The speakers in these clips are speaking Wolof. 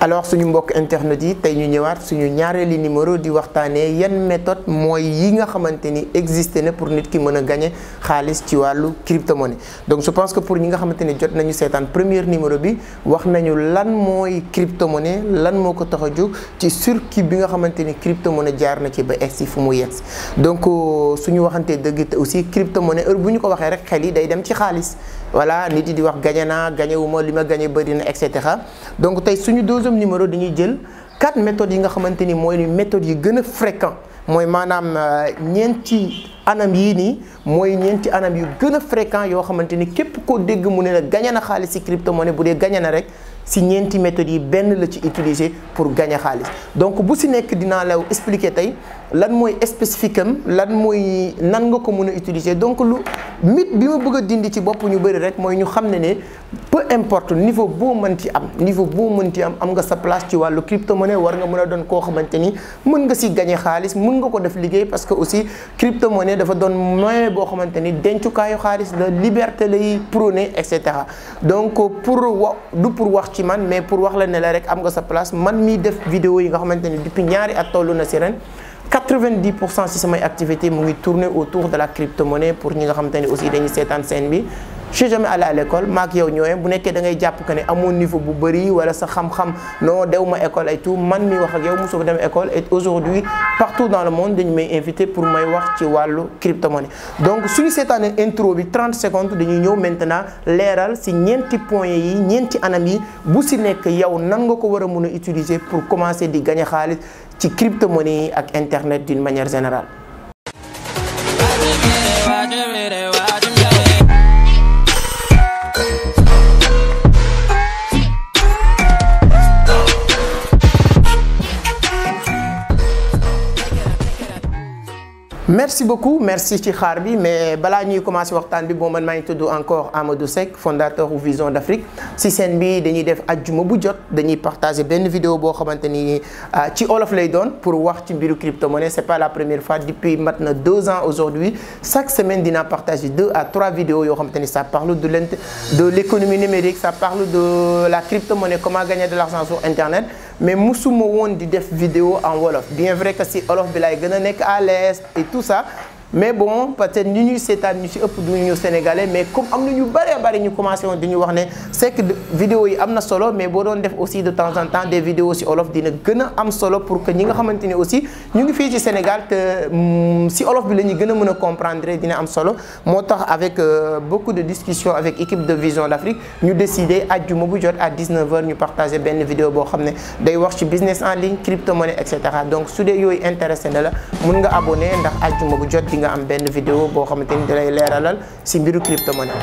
alors suñu mbokk internet yi tey ñu ñëwaat suñu ñaareeli numéro di waxtaanee yan méthode mooy yi nga xamante ni existé na pour nit ki mën a gagné xaalis ci wàllu cryptomonnaie donc je pense que pour ñi nga xamante ni jot nañu seetaan premier numéro bi wax nañu lan mooy cryptomonnaie lan moo ko tax a jóg ci circuit bi nga xamante ni cryptomonnaie jaar na ci ba egsi fu mu yegsi donc euh, suñu waxantee dëgg te aussi cryptomonnaie heure bu ñu ko waxee rek xel yi day dem ci xaalis voilà nit yi di wax gagné naa gagné wu ma li ma bëri na et cetera donc tey suñu deuxième numéro dañuy jël quatre méthodes yi nga xamante ni mooy méthodes yi gën a fréquent mooy maanaam euh, ñeenti anam yii nii mooy ñeenti anam yu gën a fréquent yoo xamante ni képp koo dégg mu ne la gagné na xaalis si crypto ne bu dee gagné na rek. si ñeenti méthodes yi benn la ci utiliser pour gagner xaalis donc bu si nekk dinaa la expliquer tey lan mooy spécifique am lan mooy nan nga ko mën a utiliser donc lu mythe bi ma bëgg a dindi ci bopp ñu bëri rek mooy ñu xam ne ne peu importe niveau boo mënti am niveau boo mënti am am nga sa place ci wàllu crypto-monnaie war nga mën a doon koo xamante ni mën nga si gagner xaalis mën nga ko def liggéey parce que aussi crypto-monnaie dafa doon moyen boo xamante ni dencukaayu xaalis la liberté lay prôné et cetera ci man mais pour wax la ne la rek am nga sa place man miy def vidéo yi nga xamante ne depuis ñaari at tollu na si ren 90 pour cent si samay activité mu ngi tourner autour de la crypto pour ñi nga xamante ne aussi dañuy seetaan seen bi je suis jamais allé à l'école maak yow ñooyee bu nekkee da ngay jàpp que ne amoo niveau bu bëri wala sa xam-xam non dew ma école ay tout man mi wax ak yow mosoo dem école et aujourd'hui partout dans le monde dañu may invité pour may wax ci wàllu cryptomonnaie donc suñu seetaanee intro bi 30 secondes dañuy ñëw maintenant leeral si ñeenti point yi ñeenti anam yi bu si nekk yow nan nga ko war a mën a utiliser pour commencer di gagner xaalis ci cryptomonnaie yi ak internet d'une manière générale merci beaucoup merci ci xaar bi mais balaa ñuy commencé waxtaan bi boo man maa ngi tudd encore Amadou Seck fondateur u Vision d'Afrique si seen bi dañuy def ajjuma bu jot dañuy partager benn vidéo boo xamante ni ah, ci olof lay doon pour wax ci mbiru crypto-monnaie c'est pas la première fois depuis maintenant deux ans aujourd'hui chaque semaine dinaa partager deux à trois vidéos yoo xamante ni ça parle de l' de l'économie numérique ça parle de mais musuma woon di def vidéo en wolof bien vrai que si olof bi laay gën a nekk à l'aise et tout ça mais bon peut-être ñi ñuy seetaan ñu ci ëpp duñu sénégalais mais comme am na ñu bëree bëri ñu commencé woon di wax ne c'est que vidéo yi am na solo mais boo doon def aussi de temps en temps des vidéos ci olof dina gën am solo pour que ñi nga xamante ni aussi ñu ngi fii ci Sénégal te si mm, olof bi la ñu gën a mën a comprendre dina am solo moo tax avec euh, beaucoup de discussions avec équipe de Vision d'Afrique ñu décidé àjjuma bu jot à 19h ñu partagé benn vidéo boo xam ne day wax ci business en ligne crypto monnaie et su dee yooyu intéressé na la mun nga abonné ndax àjjuma bu jot di nga am benn vidéo boo xamante ni dalay leeralal si mbiru cryptomonnaie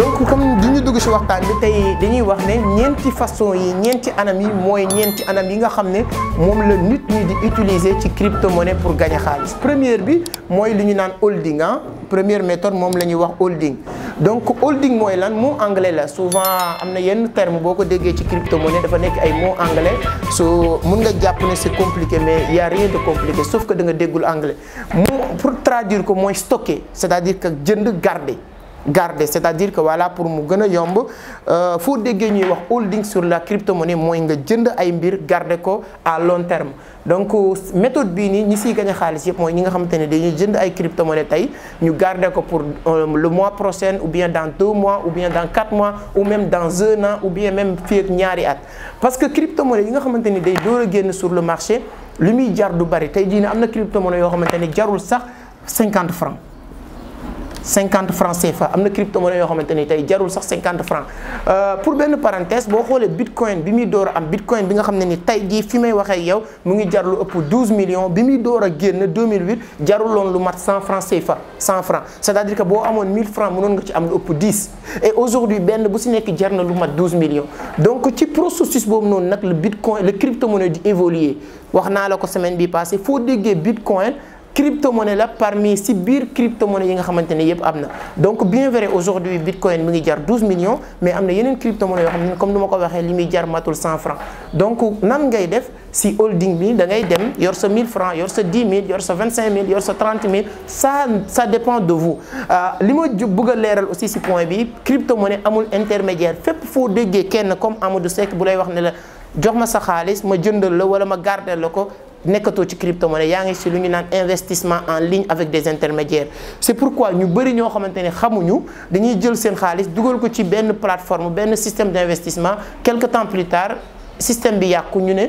donc comme du ñu dugg si waxtaan bi tey dañuy wax ne ñeenti façon yi ñeenti anam yi mooy ñeenti anam yi nga xam ne moom la nit ñi di utiliser ci cryptomonnaie pour gagner xaalis première bi mooy li ñu naan holding ah première méthode moom la ñuy wax holding donc holding mooy lan mot anglais la souvent am na yenn terme boo ko déggee ci crypto monnaie dafa nekk ay mot anglais so mun nga jàpp ne si compliquer mais y a rien de ko sauf da nga déggul anglais pour traduire ko mooy stocker c'est-à-dire que jënd garder. garder c'est-à-dire que voilà pour mu gën a yomb euh, foo déggee ñuy wax holding sur la crypto mooy nga jënd ay mbir garde ko à long terme donc euh, méthode bii nii ñi siy gañ xaalis yëpp mooy ñi nga xamante ne dañuy jënd ay crypto-monnaie ñu garder ko pour euh, le mois prochain ou bien dans deux mois ou bien dans quatre mois ou même dans un an ou bien même fii ak ñaari at parce que crypto-monnaie yi nga xamante ni day door a génn sur le marché li muy jar du bari tey jii ne am na crypto-monnaie yoo xamante ne jarul sax cinquante francs 50 francs CFA am na cryptomonnaie yoo xamante ni tey jarul sax 50 francs euh, pour benn parenthèse boo xoolee bitcoin bi muy door am bitcoin bi nga xam ne ni tey jii fi may waxee yow mu ngi jar lu ëpp 12 million bi muy door a génn 2008 jaruloon lu mat 100 francs CFA 100 francs c'est-à-dire que boo amoon 1000 francs mënoon nga ci am lu ëpp 10 et aujourd'hui benn bu si nekk jar na lu mat 12 millions donc ci processus boobu noonu nag le bitcoin le cryptomonnaie di évoluer wax naa la ko semaine bi passée foo déggee bitcoin crypto-monnaie la parmi si biir crypto-monnaie yi nga xamante ne yëpp am na donc bien vrai aujourd'hui bitcoin mi ngi jar 12 millions mais am na yeneen crypto-monnaie yoo xam ne comme ni ma ko waxee li muy jar matul 100 francs donc nan ngay def si holding bi da ngay dem yor sa mille francs yor sa 10 000 yor sa 25 000 yor sa 30 000 ça ça dépend de vous euh, li ma bëgg a leeral aussi si point bi crypto-monnaie amul intermédiaire fépp foo déggee kenn comme Amadou Seck bu lay wax ne la jox ma sa xaalis ma jëndal la wala ma gardel la ko nekkatoo ci cryptomonnaie yaa ngi si lu ñu naan investissement en ligne avec des intermédiaires c'est quoi ñu bëri ñoo xamante ne xamuñu dañuy jël seen xaalis dugal ko ci benn plateforme benn système d'investissement quelque temps plus tard système bi yàqu ñu ne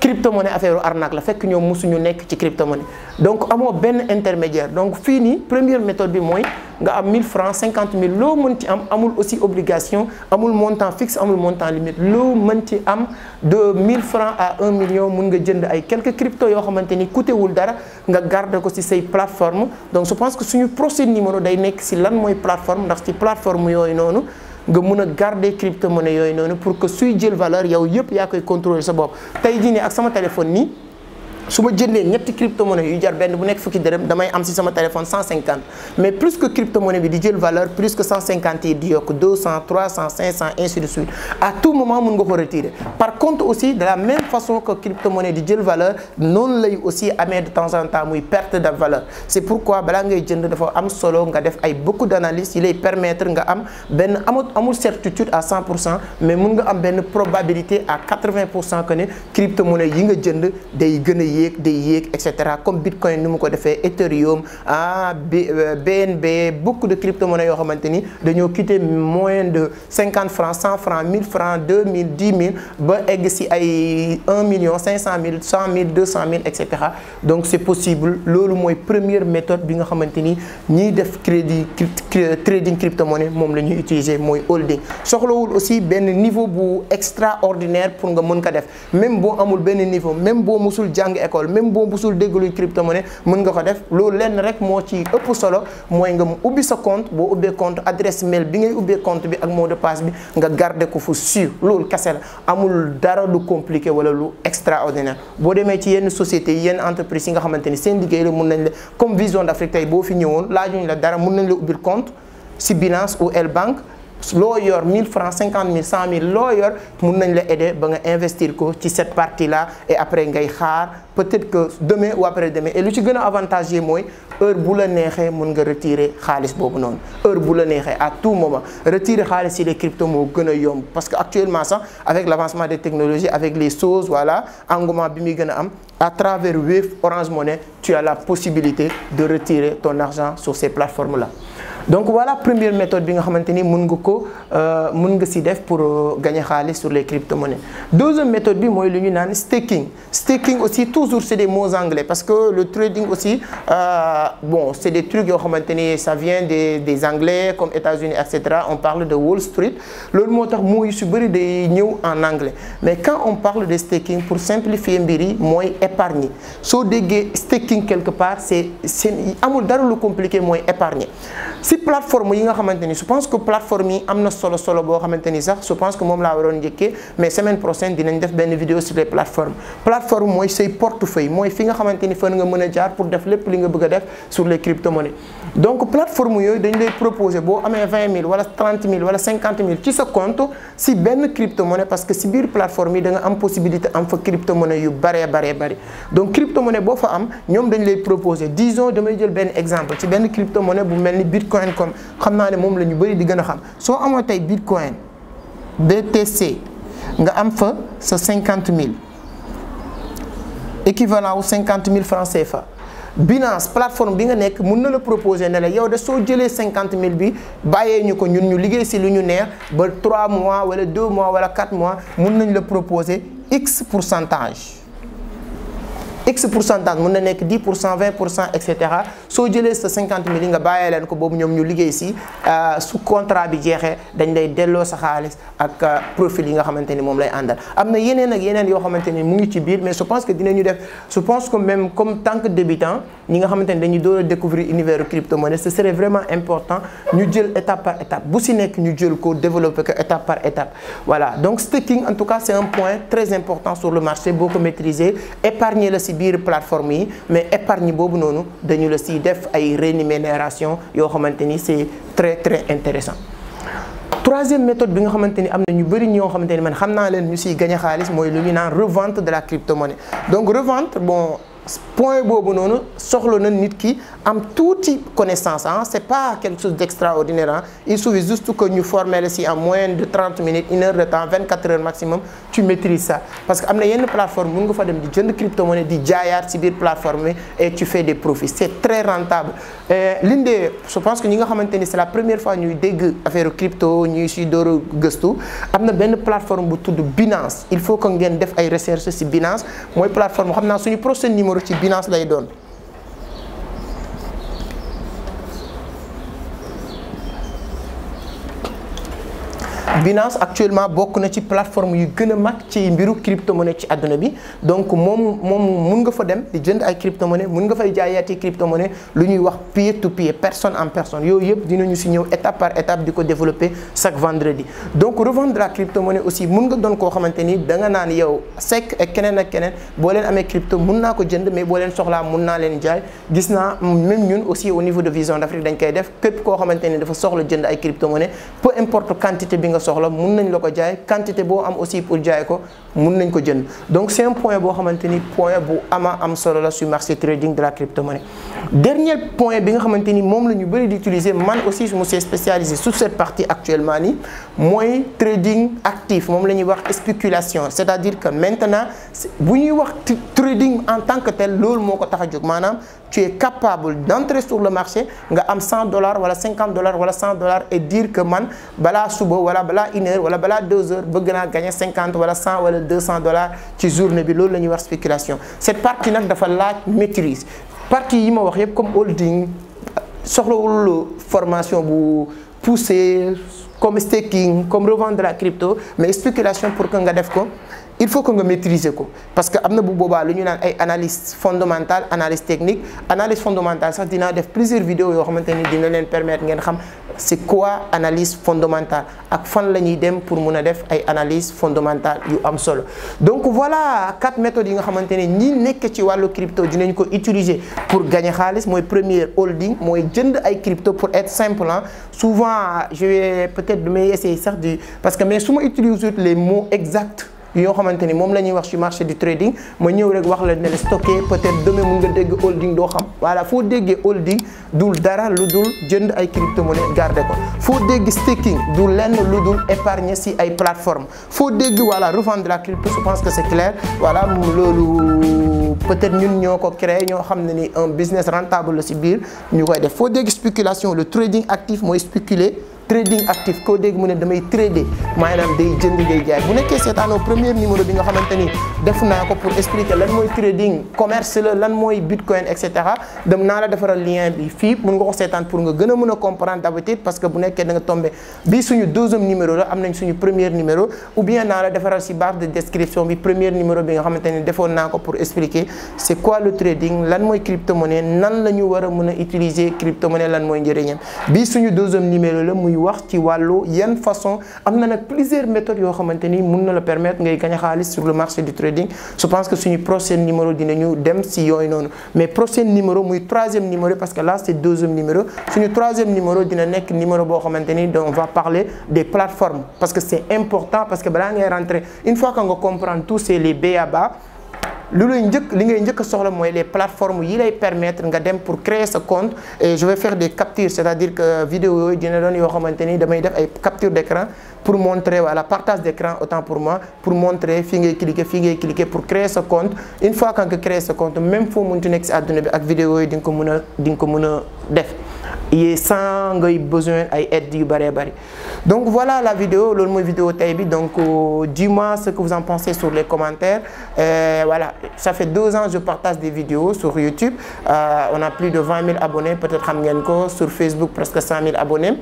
cryptomonnaie affaire arnaque la fekk ñoom mosuñu nekk ci cryptomonnaie donc amoo benn intermédiaire donc fii ni première méthode bi mooy nga am 1000 francs 50 000 loo mën ci am amul aussi obligation amul montant fixe amul montant limite loo mën ci am de 1000 francs à 1 million mun nga jënd ay quelque crypto yoo xamante ni coûté wul dara nga garder ko si say plateforme donc je pense que suñu procès numéro day nekk si lan mooy plateforme ndax ci plateforme yooyu noonu nga mun a garder crypto monnaie yooyu noonu pour que suy jël valeur yow yëpp yaa koy contrôler sa bopp tey jii ak sama téléphone nii. su ma jëndee ñetti cryptomonnaie yu jar benn bu nekk fukki dërëm damay am si sama téléphone 150 mais plus que cryptomonnaie bi di jël valeur plus que 150 yi di yokk 200 300 500 ainsi de suite à tout moment mun nga ko retirer par contre aussi de la même façon que cryptomonnaie di jël valeur noonu lay aussi amee de temps en perte de valeur c'est pourquoi balaa ngay jënd dafa am solo nga def ay beaucoup d'analyse yi lay permettre nga am benn amut amul certitude à 100 pour cent mais mun nga am benn probabilité à 80 pour cent que ne cryptomonnaie yi nga jënd day gën a yéeg day yéeg et cetera comme bitcoin ni mu ko defee ethereum ah BNB euh, beaucoup de crypto monnaies yoo xamante ni dañoo quitter moyen de cinquante francs cent francs mille francs deux mille dix mille ba egg si ay un million cinq cent mille cent mille deux cent mille et cetera donc c'est possible loolu mooy première méthode bi nga xamante ni ñiy def crédit trading crypto monnaie moom la ñuy utiliser mooy holding soxlawul aussi benn niveau bu extraordinaire pour nga mën ko def même boo amul benn niveau même boo musul jàng école même boo musul dégg luy crypto nga ko def loolu lenn rek moo ci ëpp solo mooy nga ubbi sa compte boo ubbee compte adresse mail bi ngay ubbee compte bi ak mot de passe bi nga garder ko fu sûr loolu kese la amul dara lu compliqué wala lu extraordinaire boo demee ci yenn sociétés yi yenn entreprise yi nga xamante ni seen liggéey la mun nañ la comme Vision d'Afrique tey boo fi ñëwoon laajuñ la dara mun nañ la ubbil compte si Binance ou Elbank loo yor 1000 francs 50 000 100 000 loo yor mun nañ la aider ba nga investir ko ci cette partie la et après ngay xaar peut-être que demain ou après demain et lu ci gën a avantageux mooy heure bu la neexee mun nga retirer xaalis boobu noonu heure bu la neexee à tout moment retirer xaalis ci les crypto moo gën a yomb parce que actuellement sax avec l'avancement des technologies avec les choses voilà engouement bi muy gën a am à travers Wave Orange Money tu as la possibilité de retirer ton argent sur ces plateformes donc voilà première méthode bi nga xamante ni mun nga ko euh, mun nga si def pour euh, gagner xaalis sur les crypto-monnaies deuxième méthode bi mooy lu ñu naan staking staking aussi toujours c'est des mots anglais parce que le trading aussi euh, bon c'est des trucs yoo xamante ni ça vien des des anglais comme États-Unis et cetera on parle de Wall Street loolu moo tax mots su si bëri day ñëw en anglais mais quand on parle de staking pour simplifier mbir yi mooy épargner soo déggee staking quelque part c'est c'est amul dara lu compliqué mooy épargner si plateforme yi nga xamante ni pense que plateforme yi am na solo solo boo xamante ni sax je pense que moom laa waroon njëkkee mais semaine prochaine dinañ def benn vidéo sur les plateformes plateforme mooy say portefeuille mooy fi nga xamante ni nga mën a jaar pour def lépp li nga bëgg a def sur les cryptomonnaies donc plateforme yooyu dañ lay proposer boo amee 20 000 wala 30 000 wala 50 000 ci sa compte si benn cryptomonnaie parce que si biir plateforme yi da nga am possibilité am ñoom dañ lay proposer disons damay jël exemple ci benn cryptomonnaie bu bitcoin comme xam naa ne moom la ñu bëri di gën a xam soo amoon tey bitcoin BTC nga am fa sa cinquante mille équivalent wu cinquante mille francs fa Binance plateforme bi nga nekk mun na la proposer ne la yow de soo jëlee cinquante mille bi bàyyee ñu ko ñun ñu liggéey si lu ñu neex ba trois mois wala deux mois wala quatre mois mun nañ la proposer x centage pour pourcentage mun na nekk 10 pour cent 20 pour cent et cetera soo jëlee sa 50 mille nga bàyyee leen ko boobu ñoom ñu liggéey si euh, su contrat bi jeexee dañ lay delloo sa xaalis ak euh, profil yi nga xamante ni moom lay àndal. am na yeneen ak yeneen yoo xamante ni mu ngi ci biir mais je pense que dinañu def je pense que même comme tant que débutant. ñi nga xamante ne dañuy a découvrir univers crypto monnaie ce serait vraiment important ñu jël étape par étape bu si nekk ñu jël ko développer ko étape par étape voilà donc staking en tout cas c'est un point très important sur le marché boo ko maîtriser épargner la si biir plateforme yi mais épargne boobu noonu dañu la si def ay rémunération yoo xamante ni c'est très très intéressant troisième méthode bi nga xamante ni am na ñu bëri ñoo xamante ni man xam naa leen ñu siy gagner xaalis mooy lu ñu naa revente de la crypto-monnaie donc point boobu noonu soxla na nit ki am tuuti connaissance ah c'est pas quelque chose d'extraordinaire ah il suffit juste que ñu former la en moyenne de 30 minutes une heure de temps 24 heures maximum tu maîtrises ça parce que am na yenn plateforme mun nga fa dem di jënd crypto-monnaie di jaayaat si biir plateforme et tu fais des profits c'est très rentable l'une des je pense que ñi nga xamante ni c'est la première fois ñuy dégg affaire crypto ñuy a gëstu am que ngeen def ay numéro ci Binance lay doon Binance actuellement bokk na ci plateforme yu gën a mag ci mbiru cryptomonnaie ci àdduna bi donc moom moom mun nga fa dem di jënd ay cryptomonnaie mun nga fay jaayaati cryptomonnaie lu ñuy wax peer to peer personne en personne yooyu yëpp dinañu si ñëw étape par étape di ko développer chaque vendredi donc revendre la aussi mun nga doon koo xamante ni da nga naan yow sec ak keneen ak keneen boo leen amee crypto mun naa ko jënd mais boo leen soxlaa mun naa leen jaay gis naa même ñun aussi de Vision d'Afrique dañ koy def képp koo xamante ni dafa soxla mun nañ la ko jaay quantité boo am aussi pour jaay ko mun nañ ko jënd donc c'est point boo xamante ni point bu ama am solo la sur marché trading de la crypto-monnaie dernier point bi nga xamante ni moom la ñu bëri di utiliser man aussi je me spécialisé sur cette partie actuellement nii mooy trading actif moom la ñuy wax spéculation c'est-à-dire que maintenant bu ñuy wax trading en tant que tell loolu moo ko tax a jóg maanaam tu es capable d'entrer sur le marché nga am 100 dollars wala 50 dollars wala 100 dollars et dire que man balaa suba wala balaa une heure wala balaa deux heures bëgg naa gagner 50 wala 100 wala 200 dollars ci journée bi loolu la ñuy wax spéculation cette partie nag dafa laaj maîtrise partie yi ma wax yépp comme holding soxlawul formation bu poussée comme staking comme revendre la crypto mais spéculation pour que nga def ko il faut que nga maîtriser ko parce que am na bu boobaa lu ñu naan ay analyse fondamentale analyse technique analyse fondamentale sax dinaa def plusieurs vidéos yoo xamante ni dina leen permettre ngeen xam c'est quoi analyse fondamentale ak fan la ñuy dem pour mun a def ay analyse fondamentale yu am solo donc voilà quatre méthode yi nga xamante ne ñi nekk ci wàllu crypto dinañ ko utiliser pour gagner xaalis mooy première holding mooy jënd ay crypto pour être simple hein souvent je vais peut-être damay essayer parce que mais su ma utiliser les mots exacts yoo xamante ni moom la ñuy wax ci marché du trading ma ñëw rek wax la ne la stocké peut-être demain mun nga dégg holding doo xam voilà foo déggee holding du dara lu dul jënd ay cryptomonnaie garder ko foo dégg staking du lenn lu dul épargne ci ay plateformes foo dégg voilà revendre la crypto je pense que c'est clair voilà loolu peut-être ñun ñoo ko créé ñoo xam ne ni un business rentable la ci biir ñu koy def foo dégg spéculation le trading actif mooy spéculer trading actif koo dégg mu ne damay trader maanaam day jënd ngay jaay bu nekkee seetaanoo premier numéro bi nga xamante def naa ko pour expliquer la defaral lien bi fii mun nga a mën a comprendre d'habitude que bu nekkee da nga tombé bii suñu deuxième numéro la am nañ suñu premier de description bi premier numéro bi nga xamante ni defoon naa ko pour expliquer c'est quoi le trading lan la ñu war a mën a utiliser crypto-monnaie lan mooy njëriñam bii suñu deuxième numéro la muy ñuy wax ci wàllu yan façon am na nag plusieurs méthodes yoo xamante ni mun na la permettre ngay gagner xaalis sur le marché du trading je pense que suñu prochain numéro dinañu dem si yooyu noonu mais prochain numéro muy troisième numéro parce que là c'est deuxième numéro suñu troisième numéro dina nekk numéro boo xamante ni on va parler des plateformes parce que c'est important parce que balaa ngay rentrer une fois que nga comprendre tout c'est les lu lay li ngay njëkk soxla mooy le plateformes yi lay permettre nga dem pour créer sa compte e je vais faire des captures c'est-à-dire que vidéo yooyu dina doon yoo xamante ni damay def ay capture d'écran pour montrer voilà partage d'écran autant pour moi pour montrer fii ngay cliquer fii ngay cliquer pour créer sa compte une fois que nga créer sa compte même foo mënti nekk si àdduna bi ak vidéo yi di ko mën a dinga ko mën a def et sans ngay besoin ay aide yu bare bëri donc voilà la vidéo loolu mooy vidéo tey bi donc euh, dis-moi ce que vous en pensez sur les commentaires euh, voilà ça fait deux ans je partage des vidéos sur YouTube euh, on a plus de abonnés peut-être xam ngeen ko sur Facebook presque cent mille abonnés.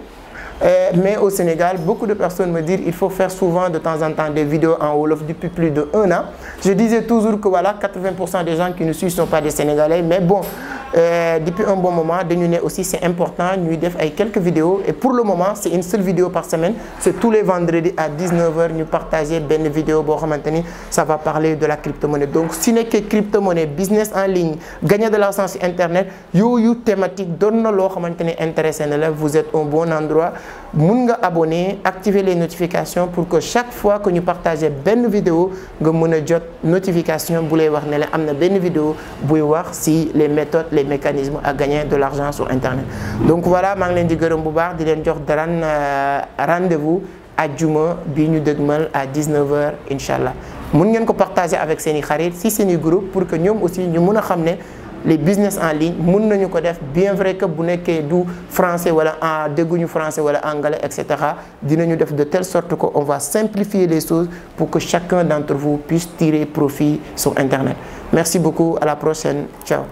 mais au Sénégal beaucoup de personnes me disent il faut faire souvent de temps en temps des vidéos en wolof depuis plus de an je disais toujours que voilà des gens qui nous suivent Euh, depuis un bon moment dañu ne aussi c'est important ñuy def ay quelques vidéos et pour le moment c'est une seule vidéo par semaine c'est tous les vendredis à 19 ñu partager benn vidéo boo xamante ni va parler de la crypto donc su nekkee crypto business en ligne gagner de l'argent sur internet yooyu thématique doon na loo xamante ni intéressé na la vous êtes au bon endroit mun nga abonné activer les notifications pour que chaque fois que ñu partager benn vidéo nga mën a jot notification bu lay wax la am na benn vidéo buy wax si des mécanismes à gagner de l'argent sur internet donc voilà maa ngi leen di gërëm bu baax di leen jox daran euh, rendez-vous àjjuma bi ñu dëgmal à 19h incha allah mun ngeen ko partager avec seen i xarit si seeni group pour que ñoom aussi ñu mun a xam ne les business en ligne mun nañu ko def bien vrai que bu nekkee du français wala en dégguñu français wala anglais et cetera dinañu def de telle sorte que on va simplifier les choses pour que chacun d'entre vous puisse tirer profit sur internet merci beaucoup à la prochaine ciao